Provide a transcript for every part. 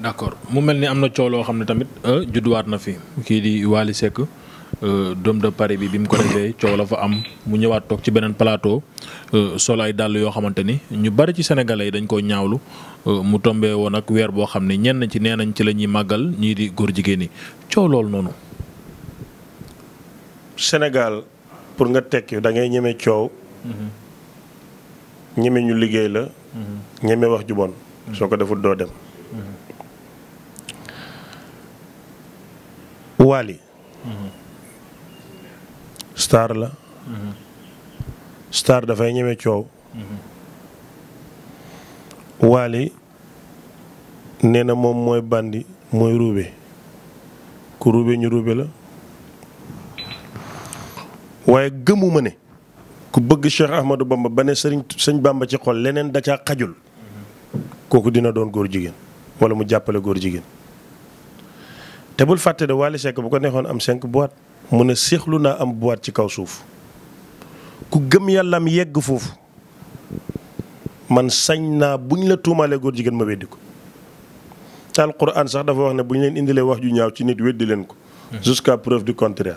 d' accord mu mel ni am na coow loo xam ne tamit euh, judduwaat na fi kii di Wally Seck euh, doom de Paris bi bi mu ko defee coow la fa am mu ñëwaat toog ci beneen plateau euh, sol ay dàll yoo xamante ni ñu bari ci sénégalais yi dañ koo ñaawlu mu tombé woon ak weer boo xam ne ñenn ci nee nañ ci lañuy màggal ñii di góor jigéen yi coow loolu noonu. senegal pour nga tekk da ngay ñeme coow. Mm-hmm. ñeme ñu liggéey la. Mm-hmm. ñeme wax ju bon. Mm-hmm. soo ko deful doo dem. Wally star la star dafay ñeme coow Wally nee na moom mooy bandi mooy ruube ku ruube ñu ruube la waaye gëmuma ne ku bëgg Cheikh Ahmadou Bamba ba ne sëriñ sëñ ci xol leneen da xajul kooku dina doon góor jigéen walla mu jàppale góor jigéen te bul fàtte de Wally Seck bu ko neexoon am 5 boîte mu ne seexlu naa am boîte ci kaw suuf ku gëm yàllaam yegg foofu man sañ naa buñ la tuumaalee góor jigéen ma weddi ko te alquran sax dafa wax ne bu ñu leen indilee wax ju ñaaw ci nit weddi leen ko. Hmm. jusqu'à preuve du contraire.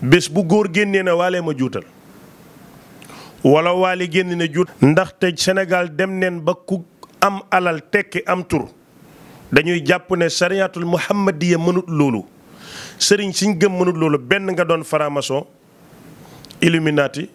bés bu góor génnee na waalee ma juutal. wala waali génn ne juut. ndax te Sénégal dem neen ba ku am alal tekki am tur. dañuy jàpp ne sariyatul muhammadiya mënut loolu sëriñ siñ gëm mënut loolu benn nga doon faramason illuminati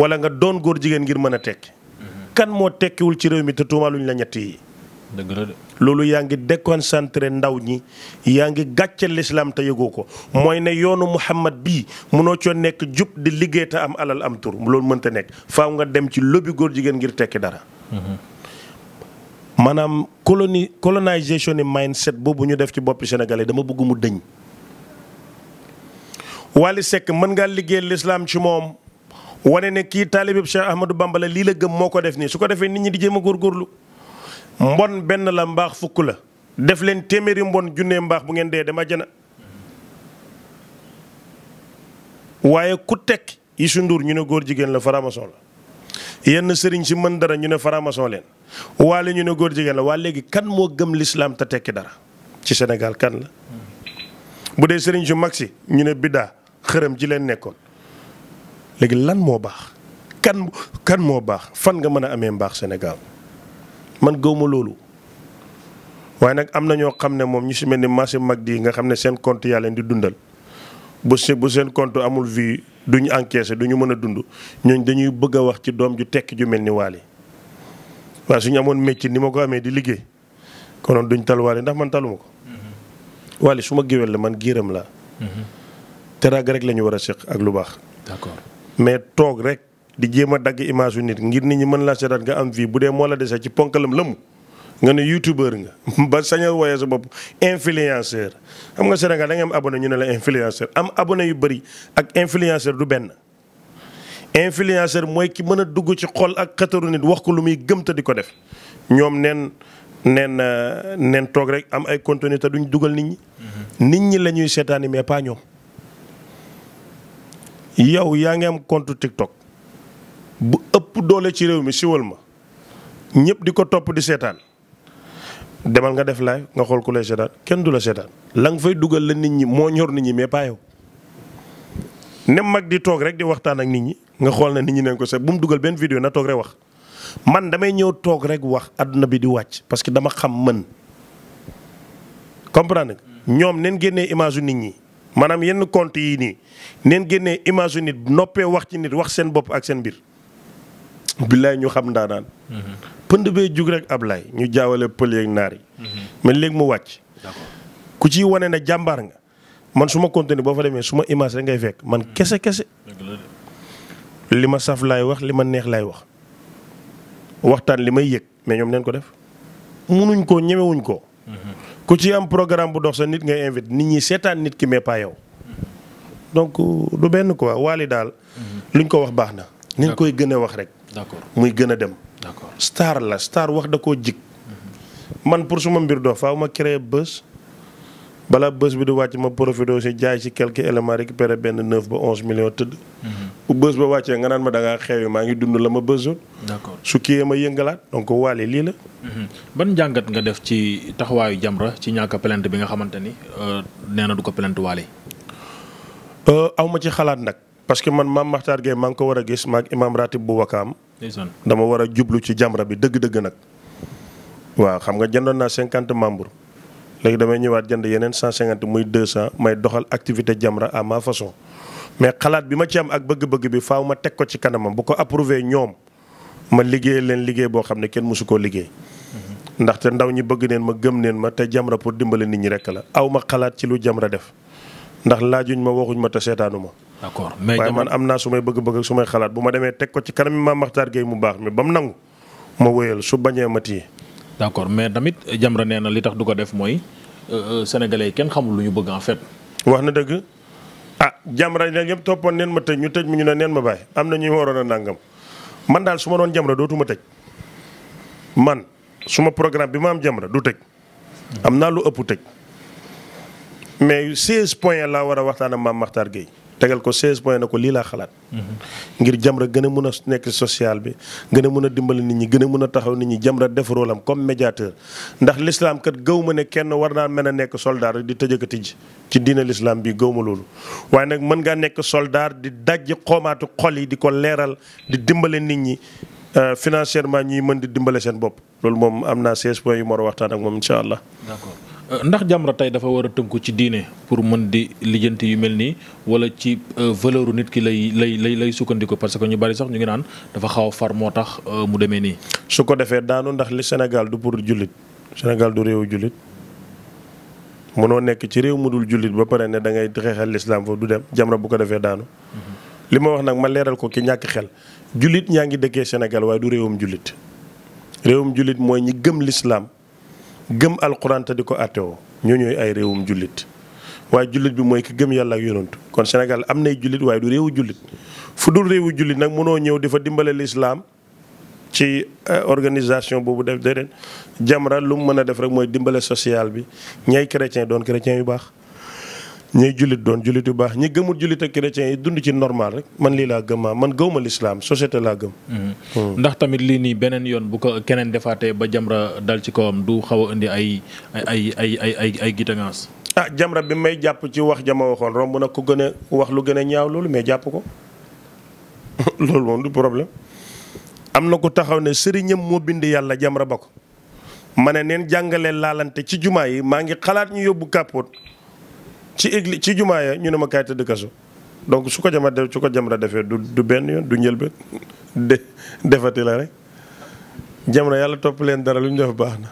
walla nga doon góor jigéen ngir mën a tekki. Mhm. kan moo tekkiwul ci réew mi te tuumaaluñ la ñett yi. loolu yaa ngi déconcentré ndaw ñi yaa ngi gàcce lislaam te yëgoo ko mooy ne yoonu muhammad bii munoo coo nekk jub di liggéey te am alal am tur loolu mënta nekk faaw nga dem ci lobby góor jigéen ngir tekki dara. Mhm. maanaam coloni colonisation ni mindset boobu ñu def ci boppi sénégalais dama bëgg mu dëñ Wally Seck mën ngaa liggéey lislaam ci moom wane ne kii taalibib Cheikh Ahmadou Bamba la lii la gëm moo ko def nii su ko defee nit ñi di jéem a góorgóorlu mbon benn la mbaax fukk la def leen téeméeri mbon junne mbaax bu ngeen dee dama jëna waaye ku tekk Youssou Ndour ñu ne góor jigéen la faramason la yenn sëriñ si mën dara ñu ne faramason leen waale ñu ne góor jigéen la waa léegi kan moo gëm lislaam te tekki dara ci senegal kan la bu dee sëriñ su mag si ñu ne biddaa xërëm ji leen nekkoon léegi lan moo baax kan kan moo baax fan nga mën a amee mbaax Sénégal man ma loolu waaye nag am na ñoo xam ne moom ñu si mel ni marché mag di nga xam ne seen compte yaa leen di dundal bu seen seen compte amul vie duñu encaissé duñu mën a dund ñooñ dañuy bëgg a wax ci doom ju tekk ju mel ni Wally waaye suñu amoon métier ni ma ko amee di liggéey konoon duñ tal Wally ndax man taluma ko mm-hmm. Wally suma ma géwél la man géram la mm-hmm. teraanga rek la ñu war a seq ak lu baax d'accord mais toog rek di jéem a dagg image yu nit ngir nit ñi mën laa seetaan nga am vie bu dee moo la desee ci ponkalam lëmm nga ne youtubeur nga ba sañ a woowee sa bopp influenceur xam nga Sénégal da nga ñu ne la influenceur am abonné yu bëri ak influenceur du benn. influenceur mooy ki mën a dugg ci xol ak xataru nit wax ko lu muy gëm te di ko def ñoom nen neen euh, nen toog rek am ay contenu te duñ dugal nit ñi. Mm-hmm. nit ñi la ñuy seetaani mais pas ñoom. yow yaa ngi am compte TikTok bu ëpp doole ci réew mi siwal ma ñëpp di ko topp di seetaan. demal nga def live nga xool ku lay seetaan kenn du la seetaan la nga fay dugal la nit ñi moo ñor nit ñi mais pas nem mag di toog rek di waxtaan ak nit ñi nga xool na nit ñi ko seet bu mu dugal benn vidéo na toog rek wax man damay ñëw toog rek wax àdduna bi di wàcc parce que dama xam mën comprendre ñoom neen génnee image nit ñi maanaam yenn compte yi nii neen génnee image nit noppee wax ci nit wax seen bopp ak seen mbir billaay ñu xam ndaanaan. pënd bee jug rek Ablaye ñu jaawale pël yeeg naar yi. mais léegi mu wàcc. ku ci wone na jàmbaar nga man su ma continué boo fa demee su ma image rek ngay fekk man hmm. kese kese. li ma saf laay wax li ma neex laay wax waxtaan li may yëg mais ñoom neen ko def munuñ ko ñemewuñ ko. Hmm. ku ci am programme bu dox sa nit nga invité nit ñi seetaan nit ki mais pas yow. Hmm. donc euh, du benn quoi waali daal. luñ ko wax baax na. niñ koy gën wax rek. muy gën a dem. star la star wax da ko jig. man pour suma mbir doo faaw ma créer bës balaa bës bi di wàcc ma profité aussi jaay ci quelques éléments récupéré benn neuf ba onze millions tëdd. Mhm. bu bés ba wàccee nga naan ma da ngaa xew maa ngi dund la ma bësoon. d'accord su kii ma yëngalaat donc waale lii la. Mhm. ban jàngat nga def ci taxawaayu Jamra ci ñàkk plainte bi nga xamante ni euh, nee na du ko plainte waale. Euh, aw ci xalaat nag. parce que man maam Makhtar Gueye maa ngi ko war a gis maag imaam ratib bu wakaam dama war a jublu ci jamra bi dëgg-dëgg nag. waaw xam nga jëndoon naa cinquante membres léegi damay ñëwaat jënd yeneen cent cinquante muy deux cent may doxal activité jamra à ma façon. mais xalaat bi ma ci am ak bëgg-bëgg bi faaw ma teg ko ci kanamam bu ko approuvé ñoom ma liggéey leen liggéey boo xam ne kenn mësu koo liggéey. Mm-hmm. ndaxte ndaw ñi bëgg neen ma gëm neen ma te jamra pour dimbale nit ñi rek la aw xalaat ci lu jamra def ndax laajuñ ma waxuñ ma te seetaanu ma. d'accord mais waaye man am naa su may bëgg-bëgg su may xalaat bu ma demee teg ko ci kanam Maam Makhtar Gueye mu baax mi ba mu nangu ma wóyal su bañee ma téye. d'accord mais tamit Jamra nee na li tax du ko def mooy euh, euh, sénégalais yi kenn xamul lu ñu bëgg en fait. wax na dëgg ah Jamra ne yëpp toppoon neen ma tëj ñu tëj mi ñu ne neen ma bàyyi am na ñuy waroon a nangam man daal su ma doon Jamra dootuma tëj man suma programme bi ma am Jamra du tëj. am naa lu ëpp tëj mais 16 points laa war a waxtaan ak Maam Makhtar Gueye tegal ko 16 point na ko lii laa xalaat. ngir Jamra gën a mun a nekk social bi gën a mun a dimbali nit ñi gën a mun a taxaw nit ñi Jamra def rôle am comme médiateur. ndax l'islam kat gëw ma ne kenn war naa mën a nekk soldat di tëjëk ji ci diina lislaam bi gëw ma loolu waaye nag mën ngaa nekk soldat di dajji xoomaatu xol yi di ko leeral di dimbale nit ñi. Uh, financièrement ñuy mën di dimbale seen bopp loolu moom am naa 16 points yu ma war waxtaan ak moom incha allah. D'accord. ndax Jamra tey dafa war a tënku ci diine pour mën di lijjanti yu mel nii wala ci euh, valeur nit ki lay lay lay lay sukkandiku parce que ñu bari sax ñu ngi naan dafa xaw far moo tax euh, mu demee nii. su ko defee daanu ndax li Sénégal du pour jullit Sénégal du réewu jullit mënoo nekk ci réew mu dul jullit ba pare ne da ngay xeexal lislaam du dem Jamra bu ko defee daanu. Mm-hmm. li ma wax nag ma leeral ko ki ñàkk xel jullit ñaa ngi dëkkee Sénégal waaye du réewum jullit réewum jullit mooy ñi gëm lislaam gëm alxuraan te di ko àttewoo ñoo ñooy ay réewum jullit waaye jullit bi mooy ki gëm yàlla ak yonantu kon Sénégal am nay jullit waaye du réewu jullit fu dul réewu jullit nag mënoo ñëw di fa dimbale lislaam ci euh, organisation boobu def déedéet Jamra lu mu mën a def rek mooy dimbale social bi ñay chrétien doon chrétien yu baax. ñiy jullit doon jullit yu baax ñi gëmul jullit ak chrétien yi dund ci normal rek man lii laa gëmmaa ah, man gëwma lislaam société laa gëm. Mm-hmm. Hmm. ndax tamit lii nii beneen yoon bu ko keneen defaatee ba jamra dal ci kawam du xaw a indi ay ay ay ay ay ah jamra bi may jàpp ci wax jama waxoon romb nag ko gën a wax lu gën a ñaaw loolu mais jàpp ko loolu moom du problème am na ko taxaw ne sëriñam moo bind yàlla jamra ba ko ma ne neen jàngalee laalante ci jumaa yi maa ngi xalaat ñu yóbbu kàppoot ci église ci jumaa ya ñu ne ma kaay tëdd kaso donc su ko jama def su ko jamra defee du du benn yoon du njëlbeen de defati la rek jamra yàlla topp leen dara lu ñu def baax na